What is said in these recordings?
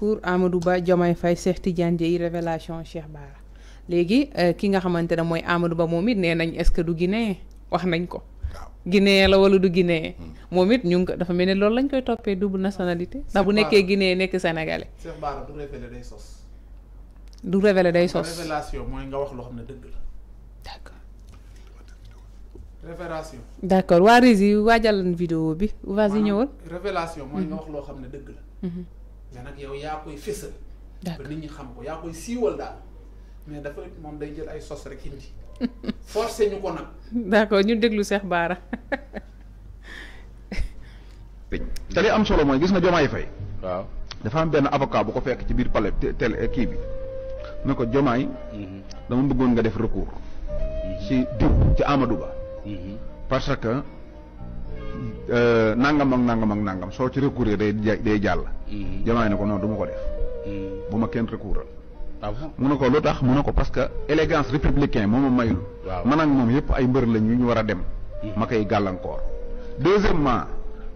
Bokour Amadou Ba Jomay Fay Cheikh Tidiane Dièye Révélation Cheikh Bara légui euh, ki nga xamantene moy Amadou Ba momit it nañ est-ce que du Guinée wax nañ ko Guinée la wala du Guinée hmm. momit ñu ngi dafa melni lool lañ koy topé double nationalité da bu nekkee Guinée nekk Sénégalais. Cheikh Bara du révéler day sos. du révéler day sos révélation moy nga wax lo xamné deug la. d'accord. révélation. d'accord wa Rési wadjal vidéo bi. vas-y ñëwal révélation moy nga hmm. wax lo xamné deug dëgg la. Hmm mais nak yow ya koy fessel ba nit ñi xam ko ya koy siiwal dal mais dafa mom day jël ay sos rek indi forcé ñu ko d'accord ñu déglu Cheikh Bara te am solo moy gis nga jomaay fay waaw dafa am ben avocat bu ko fekk ci biir palais tel eh, ki bi ne ko jomaay mhm. dama bëggoon nga def recours mhm. ci diw ci Amadou Ba mhm. parce que Euh, nangam ak nangam ak nangam soo ci recourir day day jàll. Mm-hmm. jamaay ne ko non du ma ko def. Mm-hmm. bu ma kenn recoural. Ah mu ne ko lu tax mu ne ko parce que élégance républicain moom ma mayul. man ak moom yëpp ay mbër lañ yu ñu war a dem. Mm-hmm. ma koy gàllankoor. deuxièmement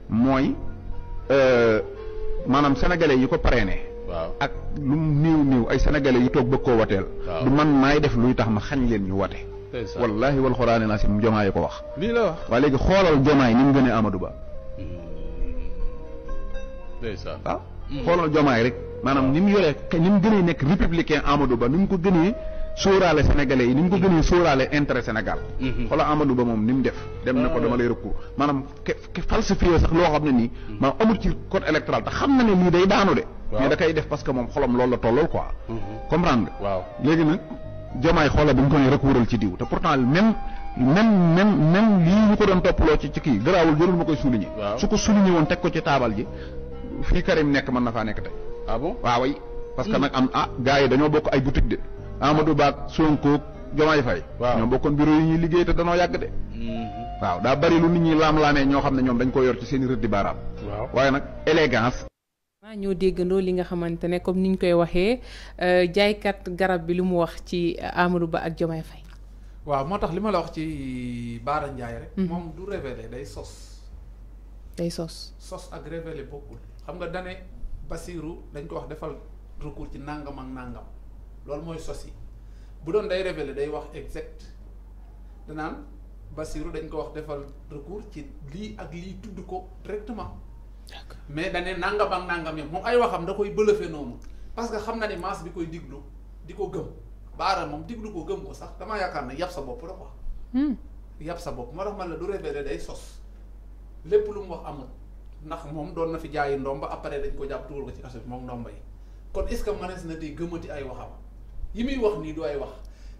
mooy euh, maanaam sénégalais yi ko parrainé. waaw ak lu mu néew ay sénégalais yu toog bëgg koo wateel. du man maay def luy tax ma xañ leen ñu wate. wallahi wal xuraani naa si jomaay ko wax. lii wax waaye léegi xoolal jomaay ni mu gënee Amadou Ba. waaw hmm. ah, hmm. xoolal jomaay rek maanaam ni mu yoree ni mu gënee nekk républicain Amadou Ba ni mu ko gënee sóoraale sénégalais yi ni mu ko gënee sóoraale intérêt Sénégal. Hmm. xoolal Amadou Ba moom ni mu def. dem na ko dama lay recours maanaam ke ke sax loo xam ne nii. maa amul ci code électoral te xam na ne lii day daanu de. mais da def parce que moom xolam loolu la tollal quoi. comprendre léegi nag. jomaay xoolal bi ñu ko ne rek wëral ci diw te pourtant même même même même lii ñu ko doon toppaloo ci ci kii garaawul jarul ma koy souligner. su ko souligner woon teg ko ci taabal ji fii Karim nekk mën na faa nekk te ah bon waaw waay parce que mm. nag am ah gars yi dañoo bokk ay boutique de Amadou Ba Sonko Jomaay fay waaw ñoo bokkoon bureau yu ñuy liggéey te danoo yàgg de. Mm-hmm. waaw daa bari lu nit ñi laam-laamee ñoo xam ne ñoom dañ ko yor ci seen i rëdd baaraam. waaw waaye nag élégance ñu déggandoo li nga xamante ne comme niñ koy waxee euh, jaaykat garab bi lu mu wax ci Amadou Ba ak jomay fay waaw moo tax li ma la wax ci Baara rek mm-hmm. moom du révélé day sos day sos sos ak révélé bokkul xam nga dane Basiru dañ ko wax defal recours ci nangam ak nangam loolu mooy sos yi bu doon day révélé day wax exact danaan Basiru dañ ko wax defal recours ci lii ak lii tudd ko directement mais dane nangam ak nangam yam moom ay waxam da koy bëlëfe noonu parce que xam na ni masse bi koy diglu di ko gëm baara moom diglu ko gëm ko sax damaa yaakaar na yàpp sa bopp la quoi hmm. yàpp sa bopp moo tax man la du révélé day sos lépp lu mu wax amul ndax moom doon na fi jaayi ndomba après dañ ko jàpp tugal ko ci kaso bi moom ndomba yi kon est ce que mënees na tey gëmati ay waxam yi muy wax nii du ay wax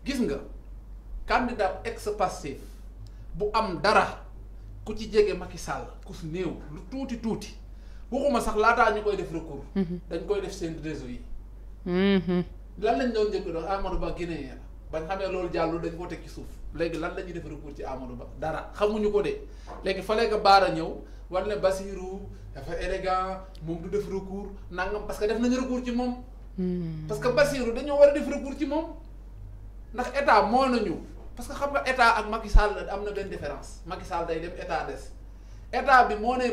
gis nga candidat ex passif bu am dara ku ci jege Macky Sall ku fi néew lu tuuti tuuti waxuma sax laataa ñu koy def recours. Mhm. dañ koy def seen réseau yi. Mhm. lan lañ doon njëkk doon Amadou Ba guinéen la bañ xamee loolu jàll dañ ko teg ci suuf léegi lan la ñuy def recours ci Amadou Ba dara xamuñu ko de léegi fallait que Baara ñëw war ne Basirou dafa élégant moom du def recours nangam parce que def nañu recours ci moom. Mhm. parce que Basirou dañoo war a def recours ci moom ndax état moo nañu. parce que xam nga état ak Macky Sall am na benn différence Macky Sall day dem état des état bi moo ne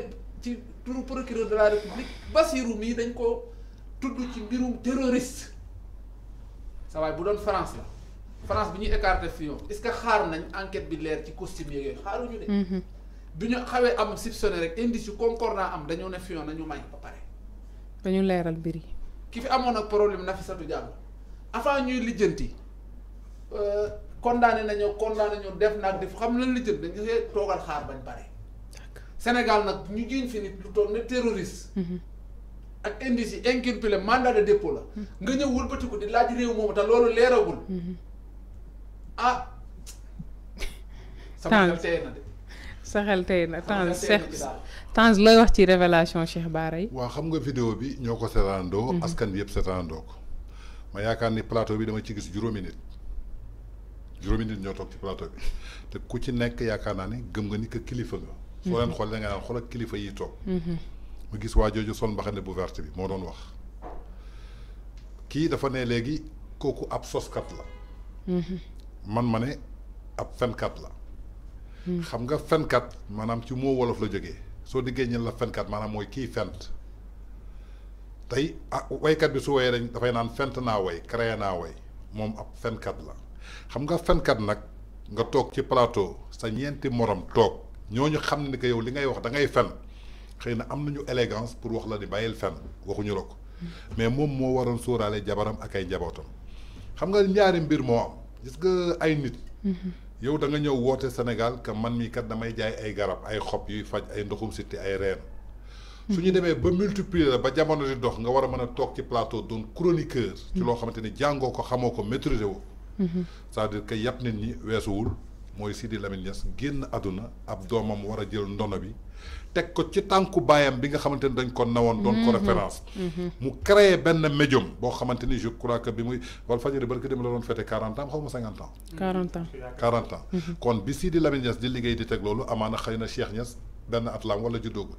ci tour procureur de la république Bassirou mii dañ ko tudd ci mbirum terroriste sa waay bu doon France la France bi ñuy écarté fion est ce que xaar nañ enquête bi leer ci costume yeeg yooyu xaaruñu ne mhm. bi ñu xawee am soupçonné rek indice yu concordant am dañoo ne fion nañu may ba pare dañu leeral mbir yi ki fi amoon ak problème na Nafissatou jàng avant ñuy lijjanti euh, condamné nañoo condamné nañoo def naa def xam lan li jëm dañu see toogal xaar bañ nag ñu jiiñ fi nit lu toog mhm. de la. Mhm. nga ñëw wëlbatiku di laaj réew moomu te loolu leeragul. Mhm. ah. sama xel tey na de. sa na looy wax ci révélation Cheikh Bara yi. waaw xam nga vidéo bi ñoo ko seetaandoo. askan bi yëpp seetaandoo ko. ma yaakaar ni plateau bi dama ci gis juróomi nit. juróomi nit ñoo toog ci plateau bi te ku ci nekk yaakaar naa ni gëm nga ni que kilifa nga. soo leen xoolee da nga naan xoolal kilifa yi toog. Mm-hmm. ma gis waa jooju sol mbaxane bu verte bi moo doon wax kii dafa ne léegi kooku ab soskat la. Mm-hmm. man ma ne ab fenkat la. Mm. xam nga fenkat maanaam ci moo wolof la jógee soo diggee ñen la fenkat maanaam mooy kii fent tey ah waykat bi su woyee dañ dafay naan fent naa way créé naa way moom ab fenkat la. xam nga fenkat nag nga toog ci plateau sa ñeenti morom toog ñoo ñu xam ni ko yow li ngay wax da ngay fen xëy na am nañu élégance pour wax la ni bàyyil fen waxuñu la ko mais moom moo waroon sóoraale jabaram ak ay njabootam xam nga ñaari mbir moo am gis nga ay nit. Mm-hmm. yow da ñëw woote Sénégal que man mii kat damay jaay ay garab ay xob yuy faj ay ndoxum sitti ay reen. su ñu mm-hmm. demee ba multiplier la ba jamono di dox nga war a mën a toog ci plateau doon chroniqueur. loo xamante ni jàngoo ko xamoo ko maîtriser wu. c'est-à-dire que yàpp nit ñi weesuwul mooy Sidi Lamine Niass génn àdduna ab doomam war a jël ndono bi teg ko ci tànku baayam bi nga xamante ni dañ ko nawoon doon ko mhm. référence mhm. mu créé benn médium boo xamante ni je crois que bi muy wal fajari barki dem la doon fête quarante ans xaw ma cinquante ans quarante ans quarante ans mhm. kon bi Sidi Lamine Niass di liggéey di teg loolu amaana xëy na Cheikh Niass benn at laam wala juddóogul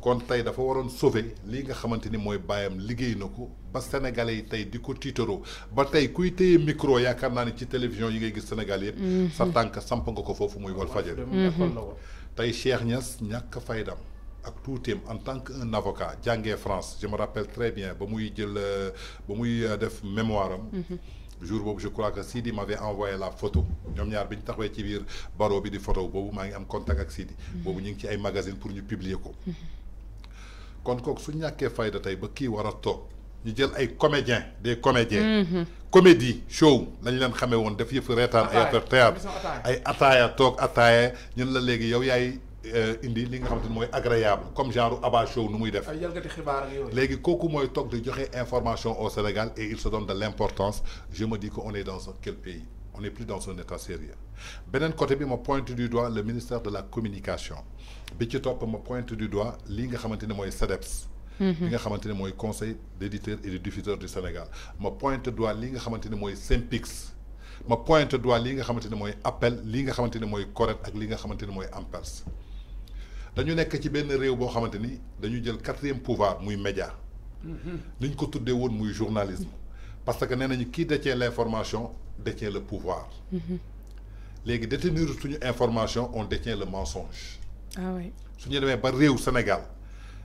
kon tay dafa waroon sauver li nga xamanteni moy bayam bàyyam liggéey ba sénégalais tay diko di ba tay kuy téye micro yaakaar naa ne ci télévision yi ngay gis Sénégal yëpp. Mhm. sa tànk samp nga ko foofu muy Walfadjri. Mhm. tay Cheikh Niass ñak faydam ak tuuteem en tant que un avocat jàngee France je me rappelle très bien ba muy jël ba muy def mémoire mhm. jour bobu je crois que Sidi m'avait envoyé la photo ñom ñaar bi taxawé ci bir baro bi di photo bobu ma ngi am contact ak Sidi. bobu ñu ngi ci ay magazine pour ñu publier ko kon kooku su ñaké fayda tay ba ki wara tok ñu jël ay comédiens des comédiens. comédie show lañ leen xamé won def yëfu rétan ay affaire théâtre ay ataya tok ataya ñun la légui yow yaay euh, indi li nga xamante moy agréable comme genre aba show nu muy def. ay yalgati xibaar ak yooyu. léegi di information au Sénégal et il se donne de l'importance. je me dis que on est dans quel pays on n'est plus dans un état sérieux Benen côté bi ma pointe du doigt le ministère de la communication bi ci top ma pointe du doigt li nga xamanteni moy mooy SEDEPS e mhm. li nga xamanteni moy conseil d'éditeurs et de diffuseur du Sénégal ma pointe doigt li nga xamanteni moy mooy SYNPICS ma pointe doigt li nga xamanteni moy appel li nga xamanteni moy correct ak li nga xamanteni moy AMPERS dañu nek ci benn réew bo xamanteni dañu jël quatrième pouvoir muy média niñ mhm. ko tuddee won muy journalisme parce que qui détient l'information, détient le pouvoir. Les détenus de information on détient le mensonge. ah oui Je ñu Sénégal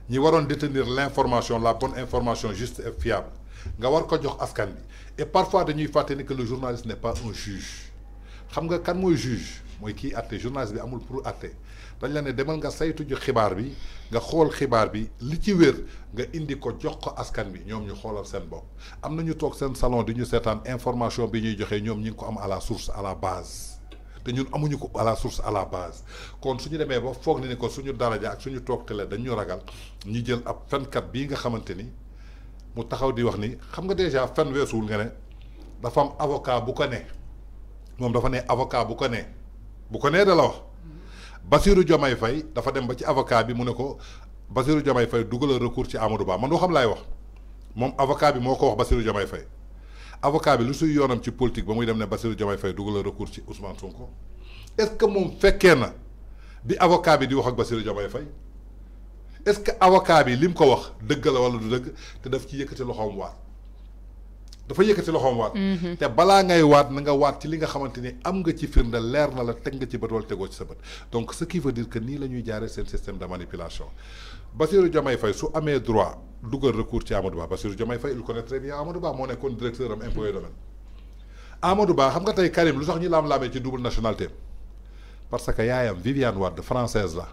Nous devons détenir l'information, la bonne information juste et fiable Nous war ko jox et parfois nous que le journaliste n'est pas un juge Quand nga est un juge. mooy kii àtte journaliste bi amul pour àtte dañ la ne demal nga saytu ju xibaar bi nga xool xibaar bi li ci wér nga indi ko jox ko askan bi ñoom ñu xoolal seen bopp am na ñu toog seen salon di ñu seetaan information bi ñuy joxe ñoom ñu ngi ko am à la source à la base te ñun amuñu ko à la source à la base kon suñu demee ba foog ni ne ko suñu daraja ak suñu toogtale dañ ñu ragal ñu jël ab fenkat bii nga xamante ni mu taxaw di wax ni xam nga déjà fen weesuwul nga ne dafa am avocat bu ko ne moom dafa ne avocat bu ko ne bu ko nee da la wax Basirou Diomaye fay dafa dem ba ci avocat bi mu ne ko Basirou Diomaye Faye dugalal recourt ci Amadou Ba man doo xam laay wax moom avocat bi moo ko wax Basirou jomay fay avocat bi lu suy yoonam ci politique ba muy dem ne Basirou Diomaye fay dugalal recours ci Ousmane Sonko est-ce que moom fekkee na bi avocat bi di wax ak Basirou jomay fay est-ce que avocat bi li mu ko wax dëgg la wala du dëgg te daf ci yëkkati loxoom waa dafa yëkkati loxoom waat. Mhm. te balaa ngay waat na nga waat ci li nga xamante ni am nga ci firnde leer na la teg nga ci bët wala tegoo ci sa bët donc ce qui veut dire que nii la ñuy jaaree seen système de manipulation. Bassirou Diomaye Faye su amee droit dugal recours ci Amadou Ba Bassirou Diomaye Faye il connaît très bien Amadou Ba moo nekkoon directeur am impôts et domaines. Amadou xam nga tey Karim lu sax ñu laam-laamee ci double nationalité parce que yaayam Viviane Wade française la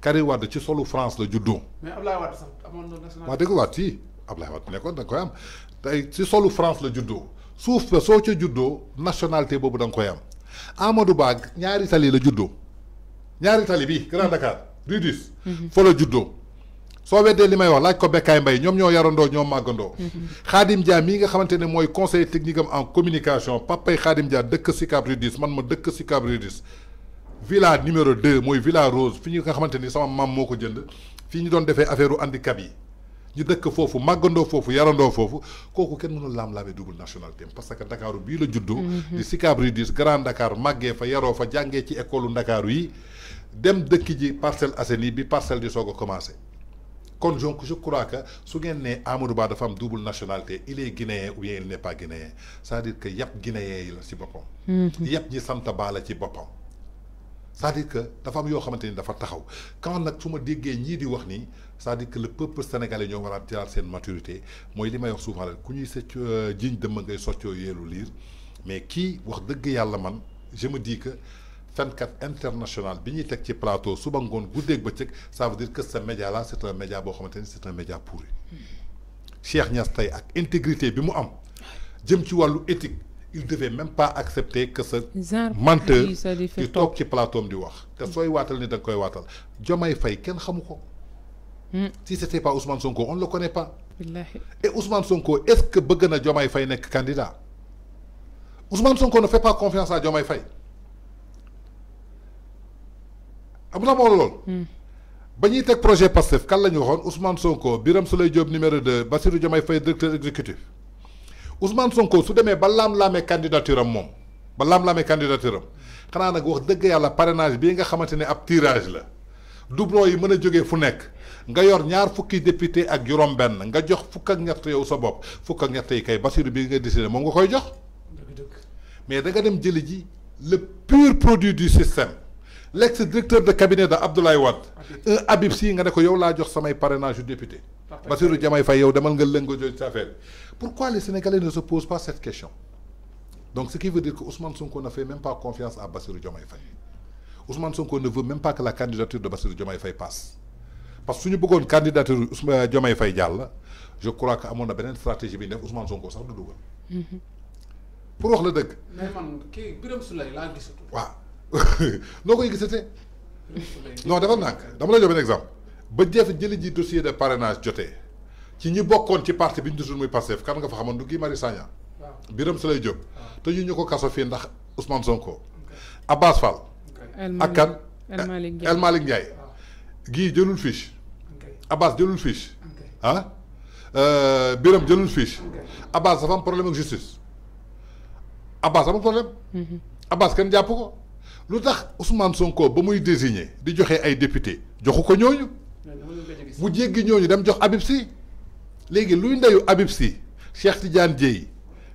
Karim Wade ci la juddoo. mais Ablaye Wade sax amoon na nationalité. waaw dégg Ablaye Wade nekkoon da nga koy am tey ci solu France la juddoo suuf ba soo ca juddoo nationalité boobu da nga koy am Amadou Bag ñaari tali la juddoo ñaari tali bi Grand Dakar rue dix mhm. fa la juddoo soo weddee li may wax laaj ko Bekkaay Mbay ñoom ñoo yarandoo ñoom màggandoo mhm. Khadim Dia mii nga xamante ne mooy conseiller technique am en communication papay Xaadim Dia dëkk Sicap rue dix man ma dëkk Sicap rue dix villa numéro 2 mooy villa rose fi ñu nga xamante ni sama mam moo ko jënd fii ñu doon defee affaire u handicap yi ñu dëkk foofu màggandoo foofu yarandoo foofu kooku kenn mënul laam-laamee double nationalité parce que Ndakaaru bii la juddoo mhm. di Sicap Rydis Grand Dakar màggee fa yaroo fa jàngee ci école Ndakaaru yi dem dëkk ji Parcelles Assainies bi parcelle di soo a commencé kon donc je crois que su ngeen nee Amadou Ba dafa am double nationalité il est guinéen ou bien il n'est dire que yàpp guinéen yi la ci boppam mhm. yàpp ñi sant Ba la ci boppam c'est-à-dire que dafa am yoo xamante ni dafa taxaw quand nag su ma déggee ñii di wax nii c'est-à-dire que le peuple sénégalais ñoo war a tirar seen maturité mooy li may wax souvent rek ku ñuy sëcc jiñ dëmm ngay soccoo yeelu liir mais kii wax dëgg yàlla man je me dis que fenkat international bi ñuy teg ci plateau suba ngoon guddeeg bëccëg ça veut dire que ce média là c'est un média boo xamante ni c'est un média pourri Cheikh Niass tey ak intégrité bi mu am jëm ci wàllu éthique il devait même pas accepter que ce menteur du top ci plateau de di wax que sooy waatal ni da koy Diomaye Faye kenn ce hmm. si c'était pas Ousmane Sonko on ne le connaît pas et Ousmane Sonko est-ce que beugna na Diomaye Faye candidat Ousmane Sonko ne fait pas confiance à Diomaye Faye am na dit loolu hmm. ba projet Pastef kan la ñu Ousmane Sonko Biram soleil Diop numéro 2 Bassirou Diomaye Faye directeur exécutif Ousmane Sonko su demee ba laam-laamee candidature am moom ba laam-laamee candidature am xanaa nag wax dëgg yàlla parrainage bii nga xamante ne ab tirage la doublon yi mën a jógee fu nekk nga yor ñaar fukki député ak juróom-benn nga jox fukk ak ñett yow sa bopp fukk ak ñett yi kay Bassirou bi nga décidé moom nga koy jox. mais da nga dem jëli ji le pur produit du système l'ex directeur de cabinet de Abdoulaye Wade un Habib Sy nga ne ko yow laa jox samay parrainage yu député. Bassirou Diomaye Faye yow demal nga lëngo jooju sa affaire pourquoi les Sénégalais ne se posent pas cette question donc ce qui veut dire que Ousmane Sonko n'a fait même pas confiance à Bassirou Diomaye Faye Ousmane Sonko ne veut même pas que la candidature de Bassirou Diomaye Faye passe parce que suñu bëggoon candidature Ousmane euh, Diomaye Faye jàll je crois que amoon na une stratégie bi ñu Ousmane Sonko sax du dugal. Mhm. pour wax le deug. mais man kii Biram Souleye laa gisatul. waaw noo koy gisatee. non dafa nànk dama la jox un exemple ba jeex jëli ji dossier de parrainage jotee ci ñu bokkon ci parti bi ñu gisul muy Pastef kan nga fa xamoon du gi Mari Sagna. Biram Birame Souleye Diop. te ñu ñuko kasso fi ndax Ousmane Sonko. Abbas Fall. ak El Malik Ndiaye El Malick Ndiaye. Guy jëlul fiche. Abbas jëlul fiche. Hein? Euh Biram jëlul fiche. Abbas dafa am problème ak justice. Abbas am problème. Mhm. Abbas kenn japp ko. lutax Ousmane Sonko ba muy désigner di joxe ay député joxuko ko ñooñu bu jéggi ñooñu dem jox Habib Sy léegi luy ndeyu Habib Sy Cheikh Tidiane que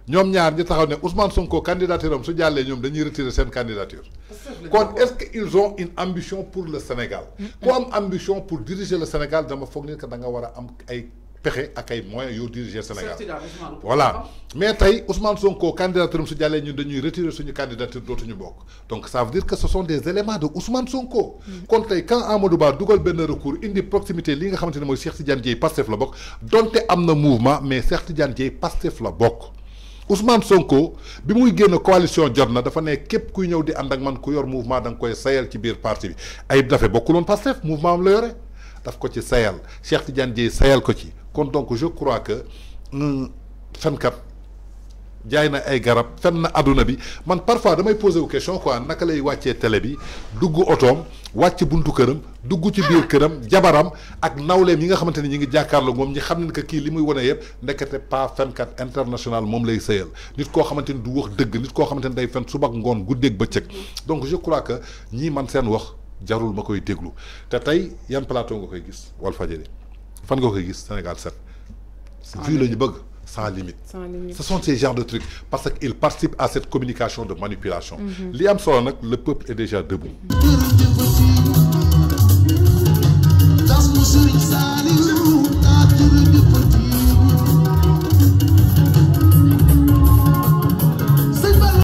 ñoom ñaar ñu taxaw ne Ousmane Sonko candidature su jàllee ñoom dañuy retirer candidature est-ce qu'ils ont une ambition pour le Sénégal ku ambition pour diriger le Sénégal dama foog ni que da nga ak ay moyens diriger Sénégal voilà mais Ousmane Sonko dañuy retirer donc ça veut dire que ce sont des éléments de Ousmane Sonko. Mm. quand Amadou Ba un recours indi proximité li nga moy Cheikh Tidiane la mouvement mais Cheikh Tidiane Ousmane Sonko bi muy coalition dafa ne kep kuy di mouvement koy parti mouvement am daf ko ci sayal Cheikh Tidiane Dièye sayal ko ci kon donc je crois que fenkat jaay na ay garab fen na àdduna bi man parfois damay posé wu question quoi naka lay wàccee télé bi dugg otoom wàcc buntu këram dugg ci biir këram jabaram ak nawleem yi nga xamante ni ñi ngi jàkkaarloo moom ñi xam ne que kii li muy wane yëpp ndekete pas fenkat international moom lay sëyal nit koo xamante ni du wax dëgg nit koo xamante ni day fen suba ak ngoon ba bëccëg donc je crois que ñii man seen wax jarul ma Tataï, déglu tay tey yan plateau nga koy gis fan nga koy gis Sénégal 7. vu le ñu bëgg sans limite. ce sont ces genres de trucs parce qu'ils participent à cette communication de manipulation. Mhm. li am solo le peuple est déjà debout.